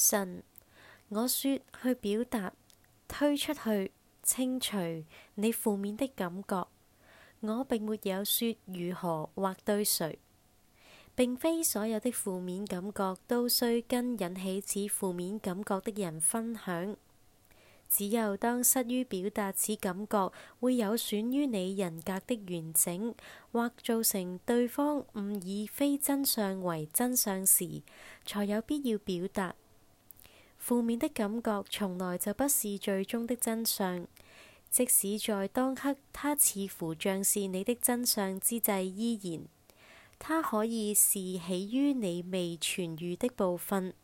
神，我說去表達，推出去清除你負面的感覺。我並沒有說如何或對誰，並非所有的負面感覺都需跟引起此負面感覺的人分享。只有當失於表達此感覺會有損於你人格的完整，或造成對方誤以非真相為真相時，才有必要表達。負面的感覺從來就不是最終的真相，即使在當刻，它似乎像是你的真相之際依然，它可以是起於你未痊癒的部分。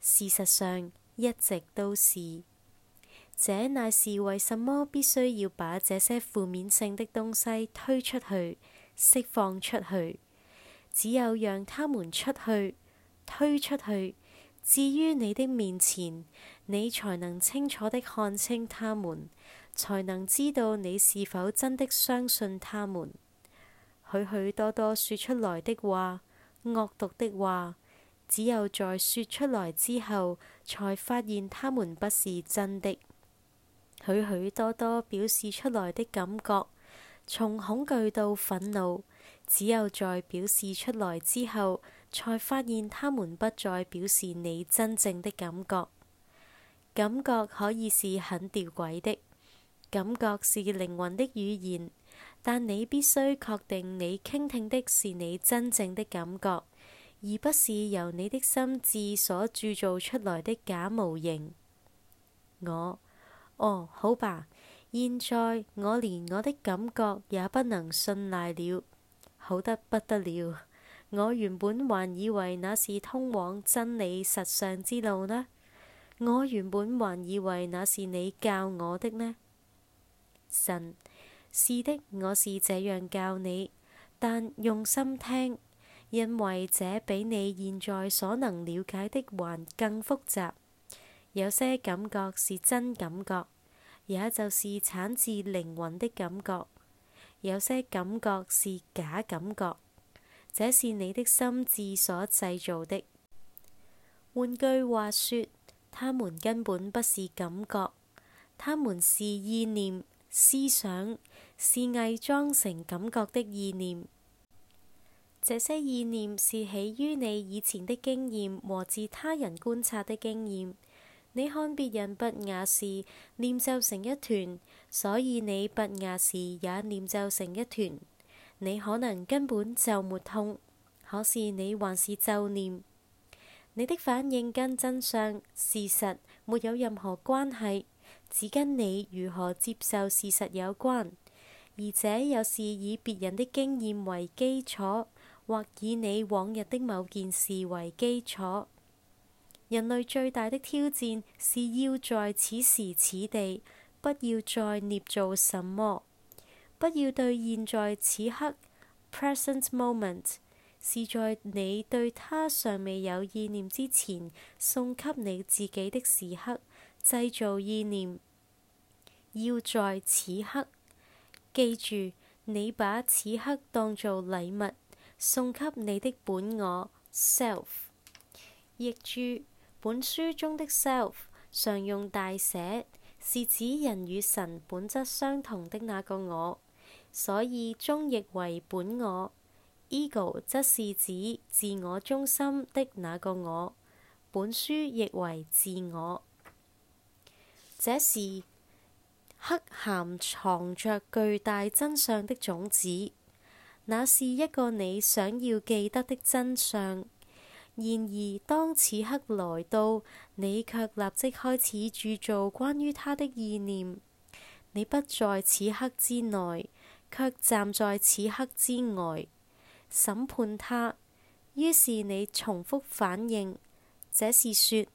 事實上，一直都是。這乃是為什麼必須要把這些負面性的東西推出去，釋放出去。只有讓他們出去，推出去。至於你的面前，你才能清楚的看清他們，才能知道你是否真的相信他們。許許多多說出來的話，惡毒的話，只有在說出來之後，才發現他們不是真的。許許多多表示出來的感覺，從恐懼到憤怒，只有在表示出來之後，才發現，他們不再表示你真正的感覺。感覺可以是很吊詭的，感覺是靈魂的語言，但你必須確定你傾聽的是你真正的感覺，而不是由你的心智所鑄造出來的假模型。我，哦，好吧，現在我連我的感覺也不能信賴了，好得不得了。我原本還以為那是通往真理實相之路呢。我原本還以為那是你教我的呢。神，是的，我是這樣教你，但用心聽，因為這比你現在所能了解的還更複雜。有些感覺是真感覺，也就是產自靈魂的感覺；有些感覺是假感覺。這是你的心智所製造的。換句話說，他們根本不是感覺，他們是意念、思想，是偽裝成感覺的意念。這些意念是起於你以前的經驗和自他人觀察的經驗。你看別人不雅時念就成一團，所以你不雅時也念就成一團。你可能根本就沒痛，可是你還是就念。你的反應跟真相、事實沒有任何關係，只跟你如何接受事實有關。而這又是以別人的經驗為基礎，或以你往日的某件事為基礎。人類最大的挑戰是要在此時此地不要再捏造什麼。不要對現在此刻 （present moment） 是在你對他尚未有意念之前送給你自己的時刻製造意念。要在此刻記住，你把此刻當做禮物送給你的本我 （self）。譯註：本書中的 self 常用大寫，是指人與神本質相同的那個我。所以，中譯為本我 ego 則是指自我中心的那個我。本書譯為自我，這時刻含藏著巨大真相的種子。那是一個你想要記得的真相。然而，當此刻來到，你卻立即開始注造關於它的意念。你不在此刻之內。卻站在此刻之外審判他。於是你重複反應，這是說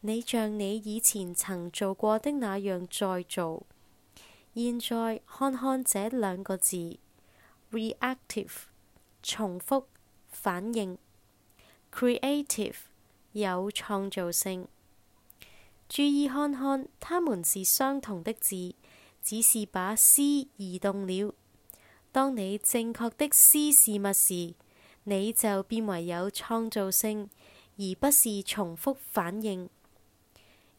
你像你以前曾做過的那樣再做。現在看看這兩個字：reactive 重複反應，creative 有創造性。注意看看，他們是相同的字，只是把 c 移動了。.當你正確的思事物時，你就變為有創造性，而不是重複反應。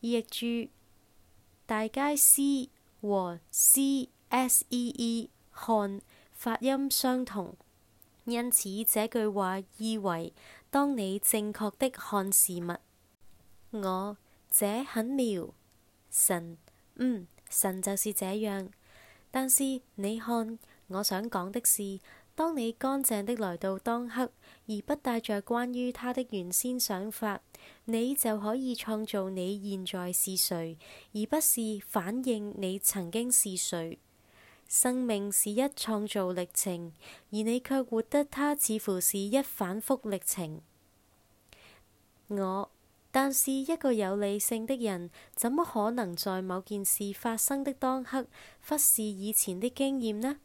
譯注，大街思和思 s e e 看發音相同，因此這句話意為：當你正確的看事物。我這很妙。神，嗯，神就是這樣，但是你看。我想講的是，當你乾淨的來到當刻，而不帶着關於他的原先想法，你就可以創造你現在是誰，而不是反映你曾經是誰。生命是一創造歷程，而你卻活得它似乎是一反覆歷程。我，但是一個有理性的人，怎麼可能在某件事發生的當刻忽視以前的經驗呢？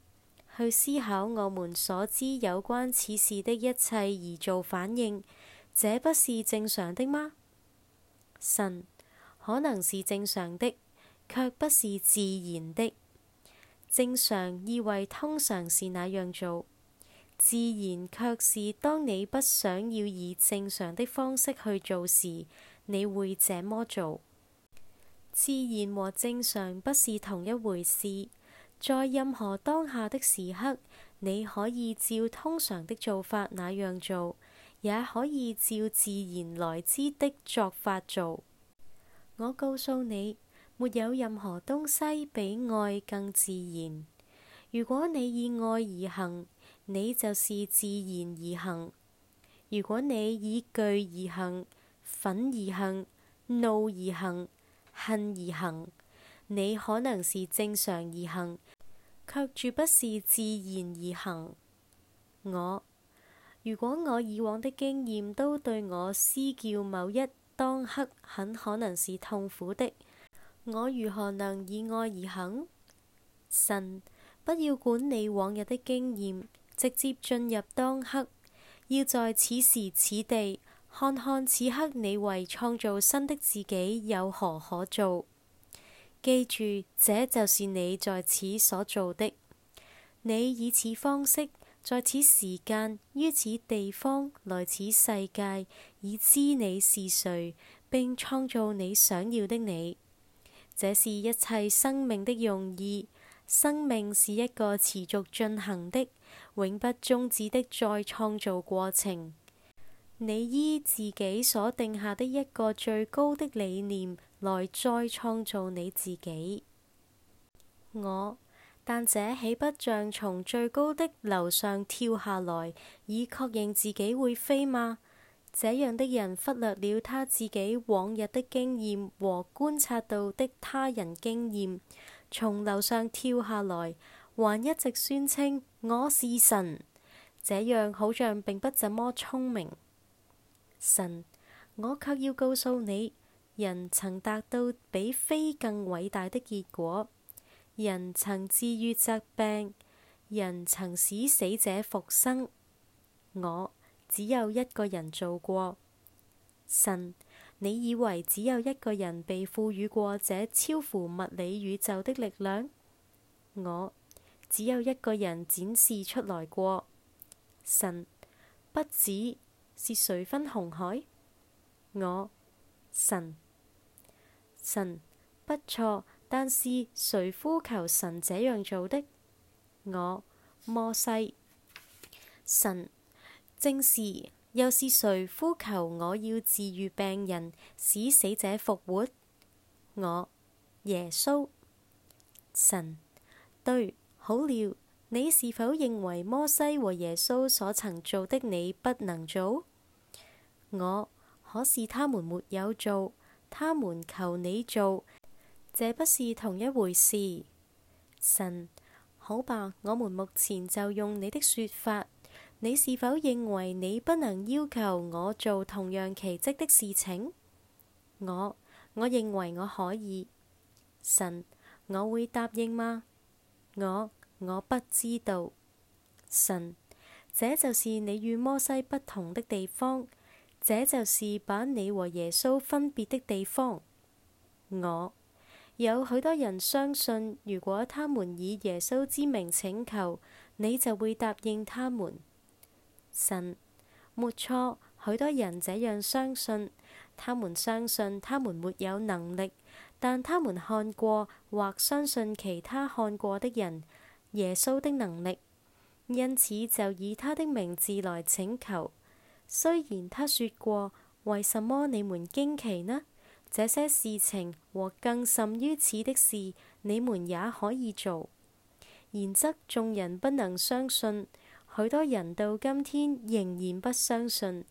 去思考我們所知有關此事的一切而做反應，這不是正常的嗎？神可能是正常的，卻不是自然的。正常意為通常是那樣做，自然卻是當你不想要以正常的方式去做時，你會這麼做。自然和正常不是同一回事。在任何當下的時刻，你可以照通常的做法那樣做，也可以照自然來之的作法做。我告訴你，沒有任何東西比愛更自然。如果你以愛而行，你就是自然而行；如果你以懼而行、憤而行、怒而行、恨而行，你可能是正常而行。卻絕不是自然而然。我，如果我以往的經驗都對我施教，某一當刻很可能是痛苦的，我如何能以愛而行？神，不要管你往日的經驗，直接進入當刻，要在此時此地看看此刻你為創造新的自己有何可做。記住，這就是你在此所做的。你以此方式，在此時間，於此地方，來此世界，已知你是誰，並創造你想要的你。這是一切生命的用意。生命是一個持續進行的、永不終止的再創造過程。你依自己所定下的一個最高的理念。來再創造你自己，我，但這豈不像從最高的樓上跳下來，以確認自己會飛嗎？這樣的人忽略了他自己往日的經驗和觀察到的他人經驗，從樓上跳下來，還一直宣稱我是神，這樣好像並不怎麼聰明。神，我卻要告訴你。人曾達到比非更偉大的結果，人曾治愈疾病，人曾使死者復生。我，只有一個人做過。神，你以為只有一個人被賦予過這超乎物理宇宙的力量？我，只有一個人展示出來過。神，不止是誰分紅海？我，神。神，不錯，但是誰呼求神這樣做的？我，摩西。神，正是。又是誰呼求我要治愈病人，使死者復活？我，耶穌。神對，好了，你是否認為摩西和耶穌所曾做的，你不能做？我，可是他們沒有做。他們求你做，這不是同一回事。神，好吧，我們目前就用你的說法。你是否認為你不能要求我做同樣奇蹟的事情？我，我認為我可以。神，我會答應嗎？我，我不知道。神，這就是你與摩西不同的地方。這就是把你和耶穌分別的地方。我，有許多人相信，如果他們以耶穌之名請求，你就會答應他們。神，沒錯，許多人這樣相信，他們相信他們沒有能力，但他們看過或相信其他看過的人耶穌的能力，因此就以他的名字來請求。雖然他說過，為什麼你們驚奇呢？這些事情和更甚於此的事，你們也可以做。然則眾人不能相信，許多人到今天仍然不相信。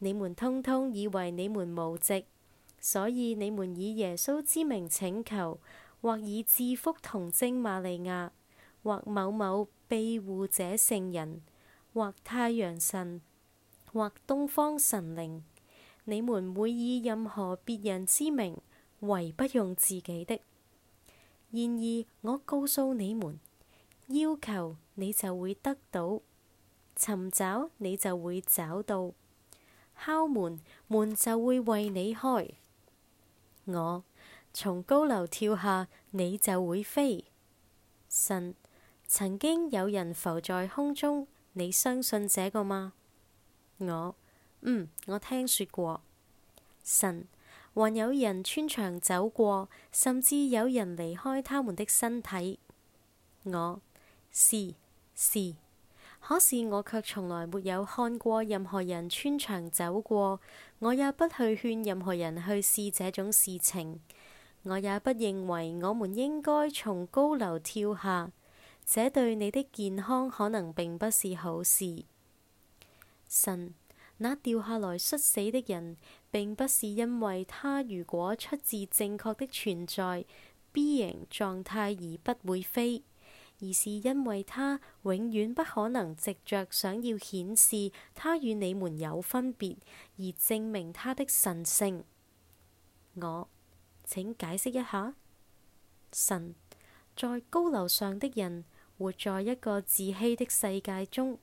你們通通以為你們無藉，所以你們以耶穌之名請求，或以祝福童貞瑪利亞，或某某庇護者聖人，或太陽神。或東方神靈，你們會以任何別人之名為不用自己的。然而，我告訴你們，要求你就會得到，尋找你就會找到，敲門門就會為你開。我從高樓跳下，你就會飛。神曾經有人浮在空中，你相信這個嗎？我嗯，我聽說過神，還有人穿牆走過，甚至有人離開他們的身體。我是是，可是我卻從來沒有看過任何人穿牆走過。我也不去勸任何人去試這種事情。我也不認為我們應該從高樓跳下，這對你的健康可能並不是好事。神，那掉下來摔死的人，並不是因為他如果出自正確的存在 B 型狀態而不會飛，而是因為他永遠不可能藉著想要顯示他與你們有分別而證明他的神性。我，請解釋一下。神，在高樓上的人，活在一個自欺的世界中。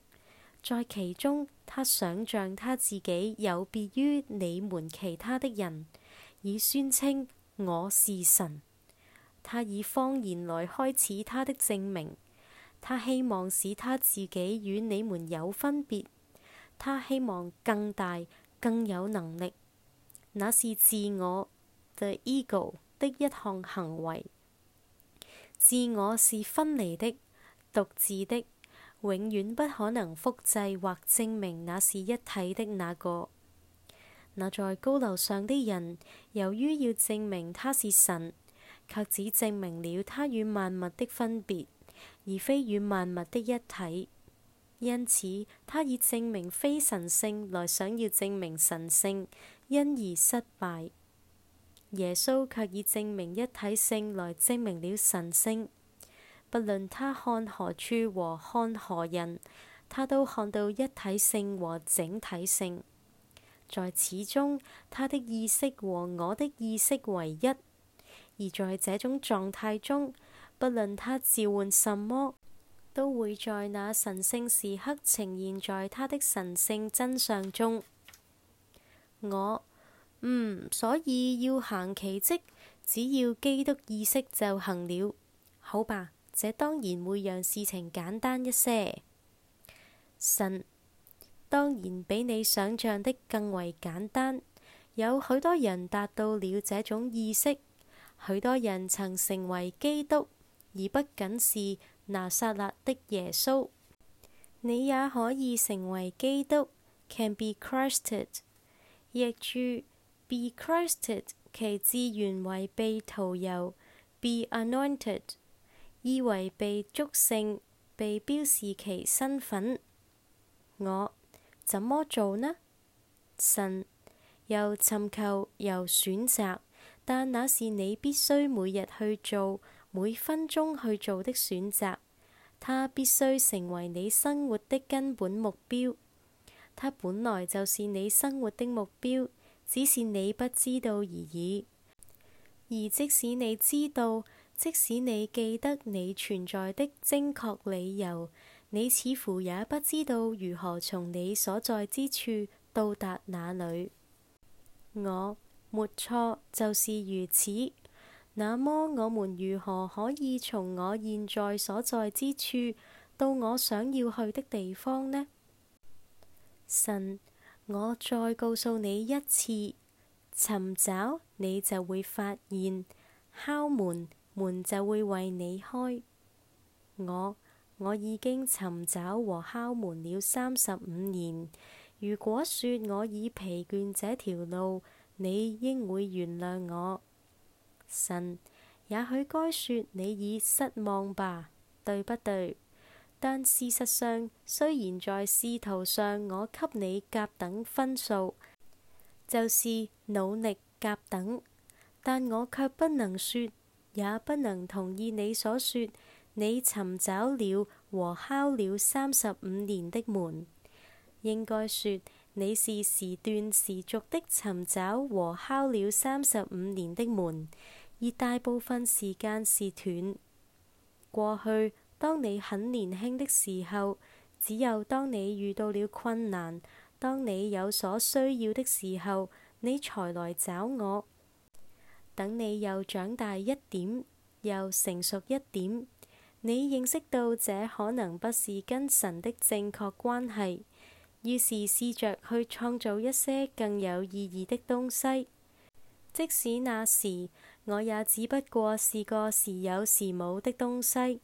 在其中，他想象他自己有別於你們其他的人，以宣稱我是神。他以謊言來開始他的證明。他希望使他自己與你們有分別。他希望更大、更有能力。那是自我的 ego 的一項行，行為。自我是分離的、獨自的。永遠不可能複製或證明那是一體的那個。那在高樓上的人，由於要證明他是神，卻只證明了他與萬物的分別，而非與萬物的一體。因此，他以證明非神性來想要證明神性，因而失敗。耶穌卻以證明一體性來證明了神性。不論他看何處和看何人，他都看到一體性和整體性。在此中，他的意識和我的意識為一，而在這種狀態中，不論他召喚什麼，都會在那神聖時刻呈現在他的神聖真相中。我嗯，所以要行奇跡，只要基督意識就行了，好吧？這當然會讓事情簡單一些。神當然比你想象的更為簡單。有許多人達到了這種意識，許多人曾成為基督，而不僅是拿撒勒的耶穌。你也可以成為基督，can be christed，譯註：be christed，其字源為被塗油，be anointed。以為被祝聖，被標示其身份，我怎麼做呢？神又尋求又選擇，但那是你必須每日去做、每分鐘去做的選擇。它必須成為你生活的根本目標。它本來就是你生活的目標，只是你不知道而已。而即使你知道，即使你記得你存在的精確理由，你似乎也不知道如何從你所在之處到達那裏。我沒錯，就是如此。那麼我們如何可以從我現在所在之處到我想要去的地方呢？神，我再告訴你一次，尋找你就會發現，敲門。門就會為你開。我我已經尋找和敲門了三十五年。如果說我已疲倦這，這條路你應會原諒我。神，也許該說你已失望吧，對不對？但事實上，雖然在試圖上我給你甲等分數，就是努力甲等，但我卻不能說。也不能同意你所說，你尋找了和敲了三十五年的門，應該說你是時斷時續的尋找和敲了三十五年的門，而大部分時間是斷。過去，當你很年輕的時候，只有當你遇到了困難，當你有所需要的時候，你才來找我。等你又長大一點，又成熟一點，你認識到這可能不是跟神的正確關係，於是試着去創造一些更有意義的東西。即使那時我也只不過是個時有時冇的東西。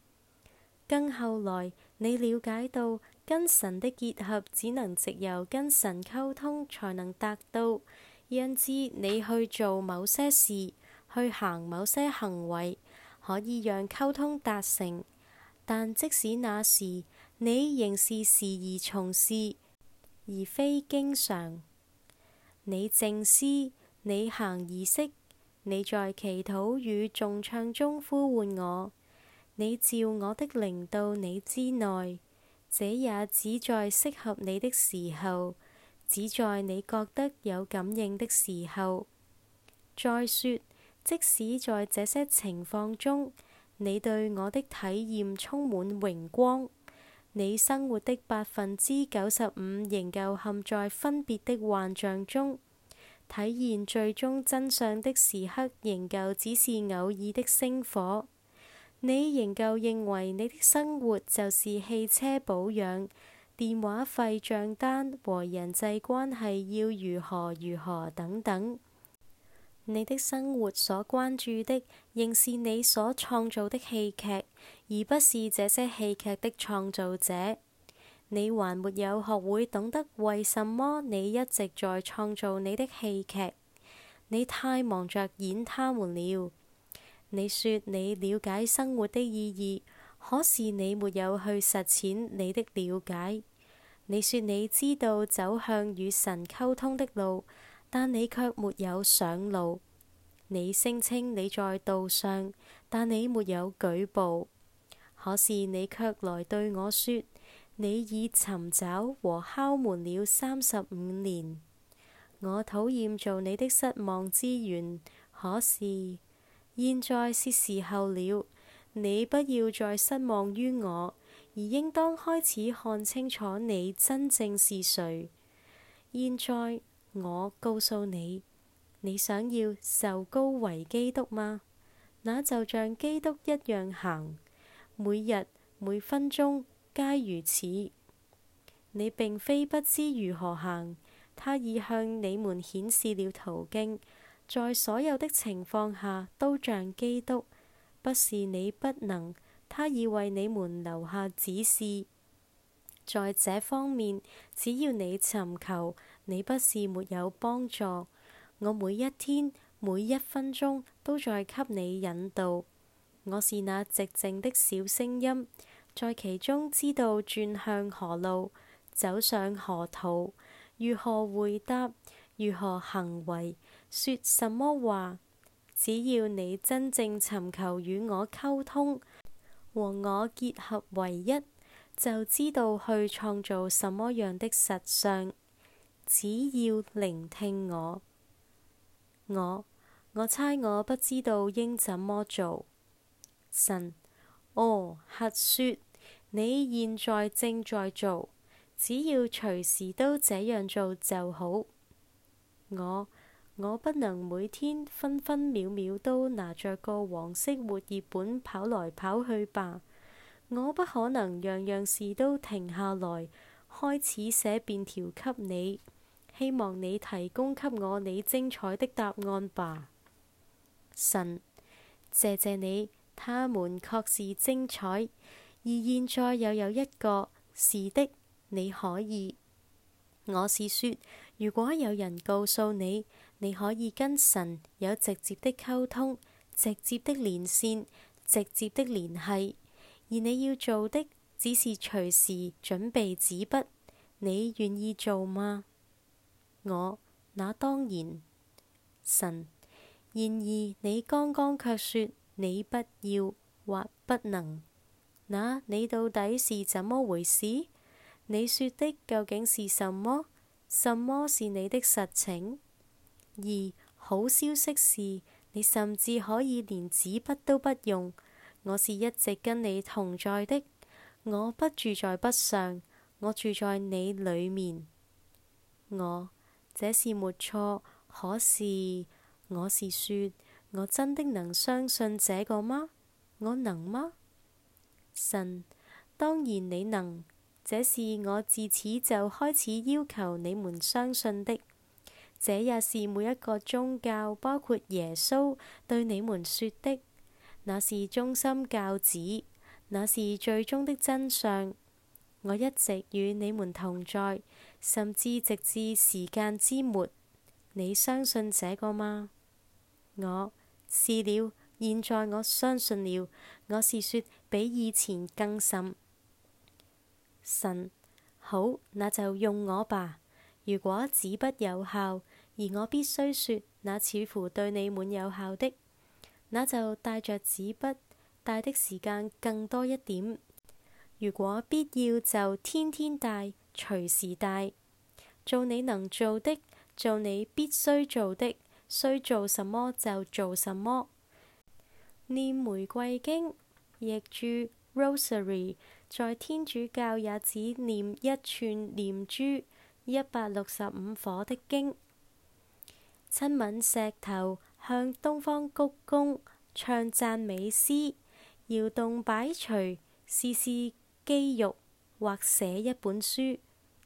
更後來，你了解到跟神的結合只能藉由跟神溝通才能達到，因之你去做某些事。去行某些行為，可以讓溝通達成，但即使那時，你仍是時而從事，而非經常。你靜思，你行儀式，你在祈禱與眾唱中呼喚我，你召我的靈到你之內。這也只在適合你的時候，只在你覺得有感應的時候。再說。即使在這些情況中，你對我的體驗充滿榮光，你生活的百分之九十五仍舊陷在分別的幻象中，體驗最終真相的時刻仍舊只是偶爾的星火。你仍舊認為你的生活就是汽車保養、電話費賬單和人際關係要如何如何等等。你的生活所關注的，仍是你所創造的戲劇，而不是這些戲劇的創造者。你還沒有學會懂得為什麼你一直在創造你的戲劇。你太忙着演他們了。你說你了解生活的意義，可是你沒有去實踐你的了解。你說你知道走向與神溝通的路。但你卻沒有上路。你聲稱你在道上，但你沒有舉報。可是你卻來對我說，你已尋找和敲門了三十五年。我討厭做你的失望之源。可是現在是時候了。你不要再失望於我，而應當開始看清楚你真正是誰。現在。我告訴你，你想要受高為基督嗎？那就像基督一樣行，每日每分鐘皆如此。你並非不知如何行，他已向你們顯示了途徑，在所有的情況下都像基督。不是你不能，他已為你們留下指示。在這方面，只要你尋求。你不是沒有幫助，我每一天每一分鐘都在給你引導。我是那寂靜的小聲音，在其中知道轉向何路，走上何途，如何回答，如何行為，說什麼話。只要你真正尋求與我溝通，和我結合為一，就知道去創造什麼樣的實相。只要聆聽我，我我猜我不知道應怎麼做，神哦，核說你現在正在做，只要隨時都這樣做就好。我我不能每天分分秒秒都拿着個黃色活頁本跑來跑去吧？我不可能樣樣事都停下來開始寫便條給你。希望你提供給我你精彩的答案吧，神，謝謝你，他們確是精彩，而現在又有一個，是的，你可以。我是說，如果有人告訴你，你可以跟神有直接的溝通、直接的連線、直接的聯繫，而你要做的只是隨時準備紙筆，你願意做嗎？我，那當然。神，然而你剛剛卻說你不要或不能，那你到底是怎麼回事？你說的究竟是什麼？什麼是你的實情？二好消息是你甚至可以連紙筆都不用，我是一直跟你同在的。我不住在筆上，我住在你裏面。我。這是沒錯，可是我是說我真的能相信這個嗎？我能嗎？神，當然你能。這是我自此就開始要求你們相信的。這也是每一個宗教，包括耶穌對你們說的。那是中心教旨，那是最終的真相。我一直與你們同在，甚至直至時間之末。你相信這個嗎？我是了，現在我相信了。我是說比以前更甚。神，好，那就用我吧。如果紙筆有效，而我必須說那似乎對你們有效的，那就帶着紙筆帶的時間更多一點。如果必要，就天天帶，隨時帶，做你能做的，做你必須做的，需做什麼就做什麼。念玫瑰經，譯注 Rosary，在天主教也只念一串念珠一百六十五顆的經，親吻石頭，向東方鞠躬，唱讚美詩，搖動擺錘，試試肌肉，或寫一本書，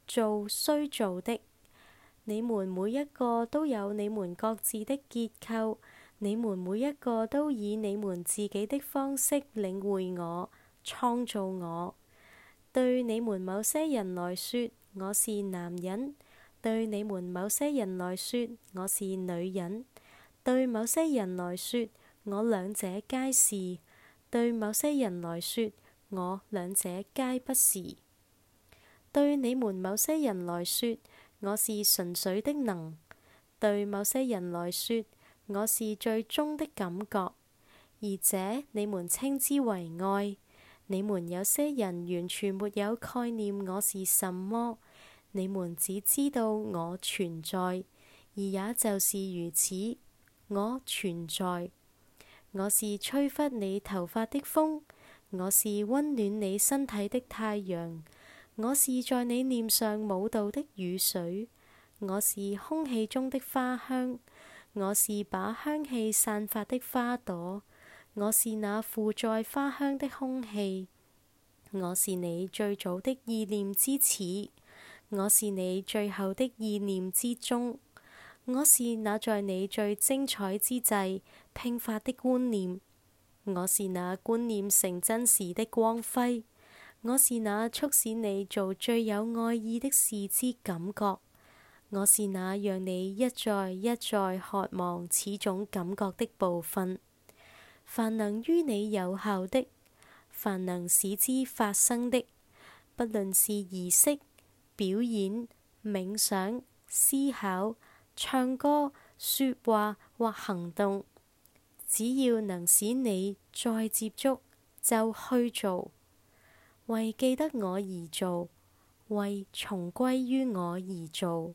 做需做的。你們每一個都有你們各自的結構，你們每一個都以你們自己的方式領會我、創造我。對你們某些人來說，我是男人；對你們某些人來說，我是女人；對某些人來說，我兩者皆是；對某些人來說，我兩者皆不是。對你們某些人來說，我是純粹的能；對某些人來說，我是最終的感覺，而這你們稱之為愛。你們有些人完全沒有概念，我是什麼？你們只知道我存在，而也就是如此，我存在。我是吹拂你頭髮的風。我是溫暖你身體的太陽，我是在你臉上舞蹈的雨水，我是空氣中的花香，我是把香氣散發的花朵，我是那附載花香的空氣，我是你最早的意念之始，我是你最後的意念之中，我是那在你最精彩之際拼發的觀念。我是那觀念成真時的光輝，我是那促使你做最有愛意的事之感覺，我是那讓你一再一再渴望此種感覺的部分。凡能於你有效的，凡能使之發生的，不論是儀式、表演、冥想、思考、唱歌、說話或行動。只要能使你再接觸，就去做，為記得我而做，為重歸於我而做。